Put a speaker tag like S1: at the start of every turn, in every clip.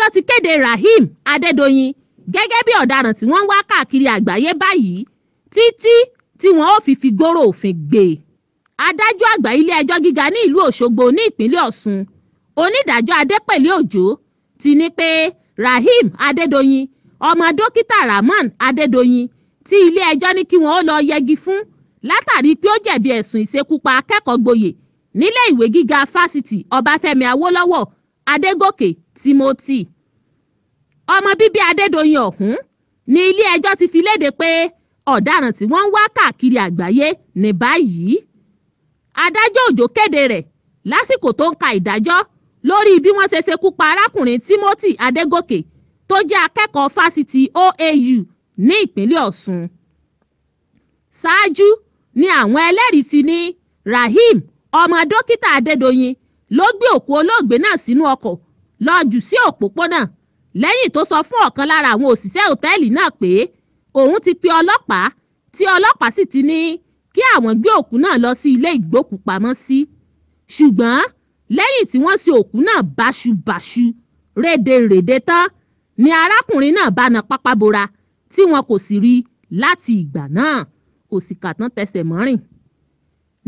S1: ilé-ẹjọ́ ti kéde Raheem Adédọ̀yìn gẹ́gẹ́ bí ọ̀daràn tí wọ́n ń wá káàkiri àgbáyé báyìí títí tí wọn ó fi fi gbòòrò òfin gbé e. adájọ́ àgbà ilé-ẹjọ́ gíga ní ìlú Òṣogbo ní ìpínlẹ̀ Ọ̀ṣun onídàájọ́ Adépẹ̀lẹ́ Òjó ti ní pé Raheem Adédọ̀yìn ọmọ dókítà Rahman Adédọ̀yìn tí ilé-ẹjọ́ ní kí wọn ó lọ yẹgi fún látàrí pé ó jẹ̀bi ẹ̀sùn ìṣekúpa akẹ́kọ̀ọ́ gboyè nílé ìwé gíga fásitì Ọbáfẹ́mi Awólọ́wọ̀ adégòkè timothy ọmọ bíbí adédọ̀yìn ọ̀hún ní ilé-ẹjọ́ ti fi léde pé ọ̀daràn tí wọ́n ń wá káàkiri àgbáyé ní báyìí adájọ́ òjó kéde rẹ̀ lásìkò tó ń ka ìdájọ́ lórí bí wọ́n ṣe ṣekú pa arákùnrin timothy adégòkè tó jẹ́ akẹ́kọ̀ọ́ fásitì oau ní ìpínlẹ̀ ọ̀ṣun ṣáájú ni àwọn ẹlẹ́rìí ti ní raheem ọmọ dókítà adédọ̀yìn ló gbé òkú olóògbé náà sínú ọkọ̀ lọ jù sí òpópónà lẹ́yìn tó sọ fún ọ̀kan lára àwọn òṣìṣẹ́ òtẹ́ẹ̀lì náà pé òun ti pe ọlọ́pàá tí ọlọ́pàá sì ti ní kí àwọn gbé òkú náà lọ sí ilé ìgbókùpamọ́sí ṣùgbọ́n lẹ́yìn tí wọ́n sin òkú náà báṣubàṣu rédèrèdè tán ni arákùnrin náà bá na pápá tí wọn kò sì rí láti ìgbà náà òṣìkà tán tẹsẹ̀ mọ́rìn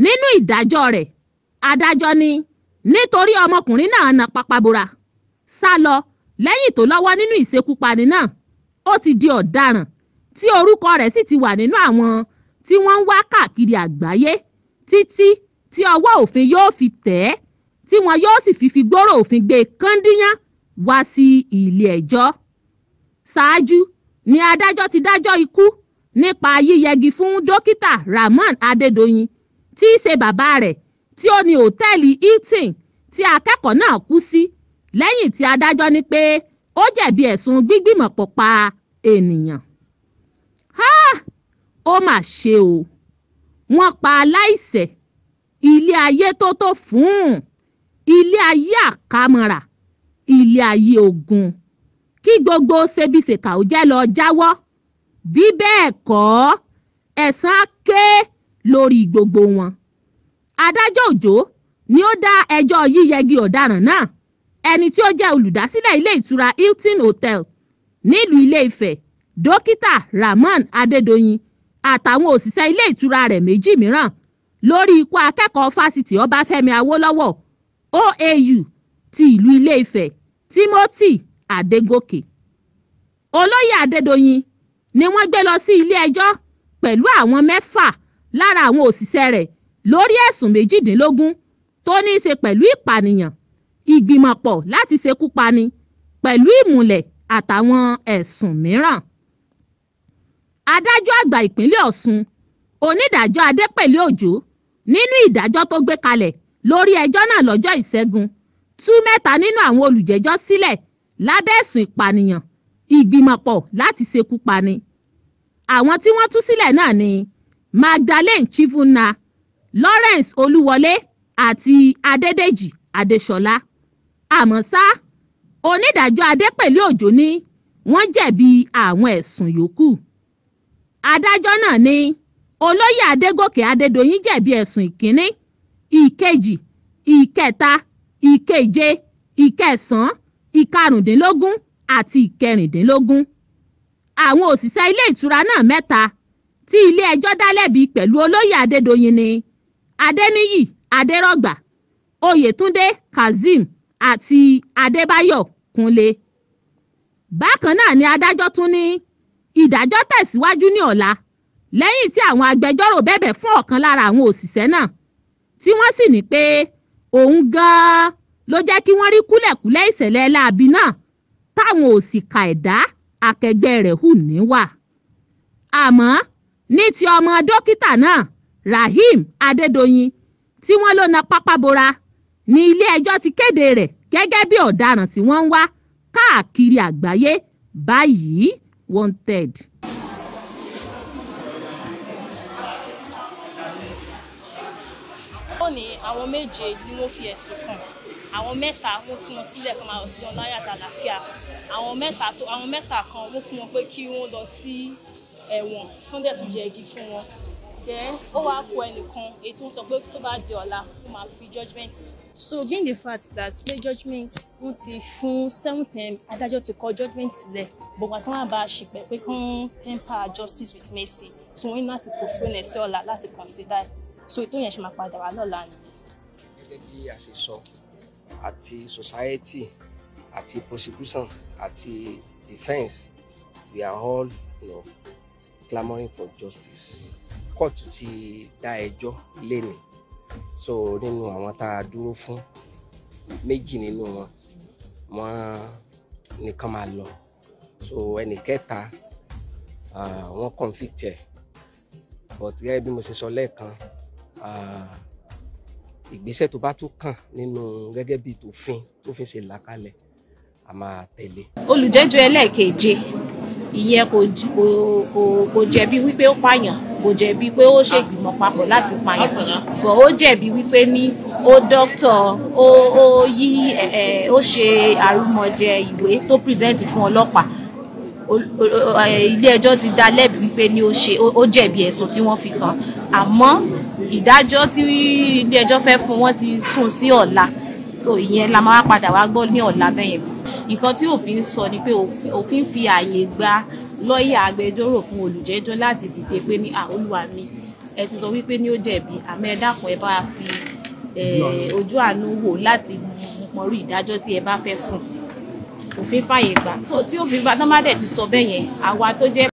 S1: nínú ìdájọ́ rẹ̀ adájọ́ ni nítorí ọmọkùnrin náà na papabora sá lọ lẹ́yìn tó lọ́wọ́ nínú ìṣekúpani náà ó ti di ọ̀daràn tí orúkọ rẹ̀ sì ti wà nínú àwọn tí wọ́n ń wá káàkiri àgbáyé títí tí ọwọ́ òfin yóò fi tẹ̀ ẹ́ tí wọn yóò sì fi fi gbòòrò òfin gbé kàndíyàn wá sí ilé ẹjọ́ ṣáájú ni adájọ́ ti dájọ́ ikú nípa yíyẹgi fún dókítà Rahmon Adédoyin tí í ṣe bàbá rẹ̀ tí ó ní òtẹ́ẹ̀lì hilton tí akẹ́kọ̀ọ́ náà kú sí lẹ́yìn tí adájọ́ ní pé ó jẹ̀bi ẹ̀sùn gbígbìmọ̀pọ̀ pa ènìyàn. ó mà ṣe o wọ́n pa aláìṣẹ̀ ilé ayé tó tó fún un ilé ayé àkàmọ̀ra ilé ayé ogun kí gbogbo ṣebíṣèkà ó lọ jáwọ́ bí bẹ́ẹ̀ kọ́ ẹ̀san ké lórí gbogbo wọn adájọ́ òjó ni ó dá ẹjọ́ yíyẹgi ọ̀daràn náà ẹni tí ó jẹ́ olùdásílẹ̀ ilé ìtura hilton hotel nílùú ilé ifẹ̀ dókítà rahman adédọ̀yìn àtàwọn òṣìṣẹ́ ilé ìtura rẹ̀ méjì mìíràn lórí ikú akẹ́kọ̀ọ́ fásitì ọbáfẹ́mi awólọ́wọ̀ oau ti ìlú ilé ifẹ̀ timothy adégòkè olóyè adédọ̀yìn ni wọ́n gbé lọ sí ilé ẹjọ́ pẹ̀lú àwọn mẹ́fà lára àwọn òṣìṣẹ́ rẹ̀ lórí ẹ̀sùn méjìdínlógún tó ní í ṣe pẹ̀lú ìpànìyàn ìgbìmọ̀pọ̀ láti ṣekú pani pẹ̀lú ìmùlẹ̀ àtàwọn ẹ̀sùn mìíràn. adájọ́ àgbà ìpínlẹ̀ ọ̀ṣun onídàájọ́ adépẹ̀lẹ̀ òjó nínú ìdájọ́ tó gbé kalẹ̀ lórí ẹjọ́ náà lọ́jọ́ ìṣẹ́gun tú mẹ́ta nínú àwọn olùjẹ́jọ́ sílẹ̀ lábẹ́ ẹ̀sùn ìpànìyàn ìgbìmọ̀pọ̀ láti ṣekú pani. àwọn tí wọ́n tú sílẹ̀ náà ni Magdalene Chivuna lawrence olúwọlé àti adédèjì adéṣọlá àmọ́ ṣá onídàájọ́ adépẹ̀lẹ́ ọjọ́ ni wọ́n jẹ̀bi àwọn ẹ̀sùn yòókù adájọ́ náà ni olóyè adégòkè adédọ̀yìn jẹ̀bi ẹ̀sùn ìkíní ìkejì ìkẹta ìkeje ìkẹsàn-án ìkarùndínlógún àti ìkẹrìndínlógún àwọn òṣìṣẹ́ ilé ìtura náà mẹ́ta tí ilé ẹjọ́ dá lẹ́bi pẹ̀lú olóyè adédọ̀yìn ni adẹniyí adẹrọgbà Oyetunde, kazeem àti adébáyò kúnlé bákan náà ni adájọ́ tún ní ìdájọ́ tẹ̀síwájú ní ọ̀la lẹ́yìn tí àwọn agbẹjọ́rò bẹ̀bẹ̀ fún ọ̀kan lára àwọn òṣìṣẹ́ náà tí wọ́n sì ní pé òun gan-an ló jẹ́ kí wọ́n rí kúlẹ̀kúlẹ̀ ìṣẹ̀lẹ̀ láabi náà táwọn òṣìkà ẹ̀dá akẹgbẹ́ rẹ̀ hù níwà àmọ́ ní ti ọmọ dókítà náà Rahim Adédoyin tí wọ́n lọ na pápábora ní ilé-ẹjọ́ ti kéde rẹ̀ gẹ́gẹ́ bí ọ̀daràn tí wọ́n ń wá káàkiri àgbáyé báyìí wanted. lónìí àwọn méje ni wọ́n fi ẹ̀sùn kàn àwọn mẹ́ta wọ́n tún wọn sílẹ̀ kan máa lọ sí wọn láyà àtàlàfíà àwọn mẹ́ta àwọn mẹ́ta kan wọ́n fún wọn pé kí wọ́n lọ sí ẹ̀wọ̀n fúndẹ̀ tó yẹgi fún wọn then ó wá kọ ẹnìkan èyí tí wọ́n sọ pé tó bá di ọ̀la ó máa fi judgement. so being the fact that play judgement wọ́n ti fún seventeen adájọ́ ti kọ judgement sílẹ̀ gbogbo àtàwọn àbá ṣìpẹ̀ pé kán temper justice with mercy so wọ́n ní láti postpone ẹ̀ sí ọ̀la láti consider so ètò yẹn ṣe máa padà wá lọ́la nìyẹn. gẹ́gẹ́ bí a ṣe sọ àti society àti prosecution àti defence we are all you know, clamouring for justice kóòtù ti dá ẹjọ́ lénìí so nínú àwọn tá a dúró fún méjì nínú wọn wọn nìkan máa lọ so ẹnì kẹta wọn convict ẹ but gẹ́gẹ́ bí mo ṣe sọ lẹ́ẹ̀kan ìgbésẹ̀ tó bá tó kàn nínú gẹ́gẹ́ bí tòfin tófin ṣe là kalẹ̀ a máa tẹ̀lé. olùjẹ́jọ́ ẹlẹ́ẹ̀keje ìyẹn kò jẹ̀bi wípé ó pààyàn kò jẹ̀bi pé ó ṣègbìmọ̀ papọ̀ láti pààyàn bọ̀ ó jẹ̀bi wípé ní ó dọ́kítọ̀ ó ó yí ó ṣe àrùmọ̀jẹ ìwé tó pírẹ́sẹ̀ntì fún ọlọ́pàá ilé ẹjọ́ ti dá lẹ́bi wípé ní ó jẹ̀bi ẹ̀sùn tí wọ́n fi kàn àmọ́ ìdájọ́ tí ilé ẹjọ́ fẹ́ fún wọn ti sún sí ọ̀la so ìyẹn la máa padà wá gbọ́ ní ọ̀la bẹ́yẹn nǹkan tí òfin sọ ni pé òfin fi ààyè gba lọ́ọ̀yà agbẹjọ́rò fún olùjẹ́jọ́ láti dìde pé ní àolúwa mi ẹ ti sọ wípé ní ó jẹ̀bi àmọ́ ẹ dákun ẹ bá fi ojú àánú wò láti mọrú ìdájọ́ tí ẹ bá fẹ́ fún òfin fàyè gbà tí òfin gbà tán bá dẹ̀ ti sọ bẹ́ẹ̀ yẹn àwa tó jẹ́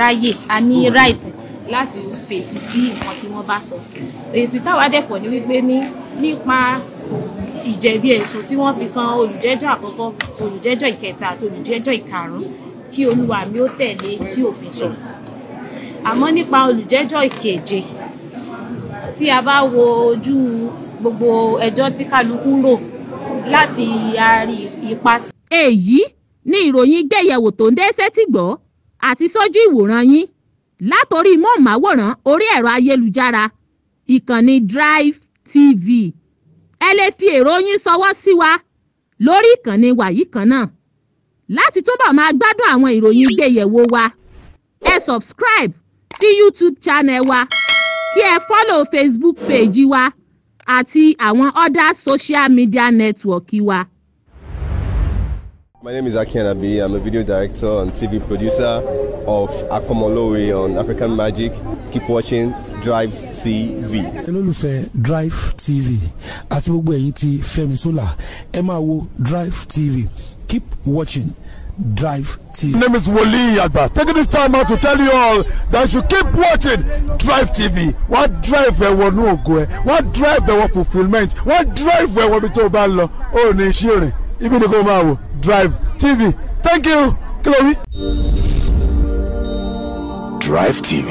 S1: ráyè a ní right láti fèsì sí nǹkan tí wọ́n bá sọ èsì táwa dẹ̀ fọ̀ ni wípé ní nípa ìjẹ̀bi ẹ̀sùn tí wọ́n fi kan olùjẹ́jọ́ àkọ́kọ́ olùjẹ́jọ́ ìkẹta àti olùjẹ́jọ́ ìkarùn-ún kí olúwa mi ó tẹ̀lé e tí òfin sọ àmọ́ nípa olùjẹ́jọ́ ìkeje tí a bá wo ojú gbogbo ẹjọ́ tí kálukú rò láti yari ipasẹ̀. èyí ni ìròyìn gbẹ̀yẹ̀wò tó ń dé sétí gbọ́ àti sójú ìwòran yín látòrí mọ́ọ̀máwòrán orí ẹ̀rọ ayélujára ìkànnì Drive TV lè fi èrò yín sí wa lórí ìkànnì wàyí kan náà láti túbọ̀ máa gbádùn àwọn ìròyìn gbéyẹ̀wò wa ẹ subscribe sí YouTube channel wa kí ẹ follow Facebook page wa àti àwọn other social media network wa. My name is Aki Anabi. I'm a video director and TV producer of Akomolowe on African Magic. Keep watching drive tv. olólùfẹ́ drive tv àti gbogbo ẹ̀yin ti Fẹ́mi Sola ẹ máa wo drive tv keep watching drive tv. my name is Wole Agba taking this time out to tell you all that you keep watching drive tv wọ́n drive ẹ̀wọ̀ ní ògo ẹ̀ wọ́n drive ẹ̀wọ̀ fulfilment wọ́n drive ẹ̀wọ̀ bí tó o bá lọ ó ní iṣẹ́ òrìn ibi ni kò máa wò drive tv thank you kí ló wí. drive tv.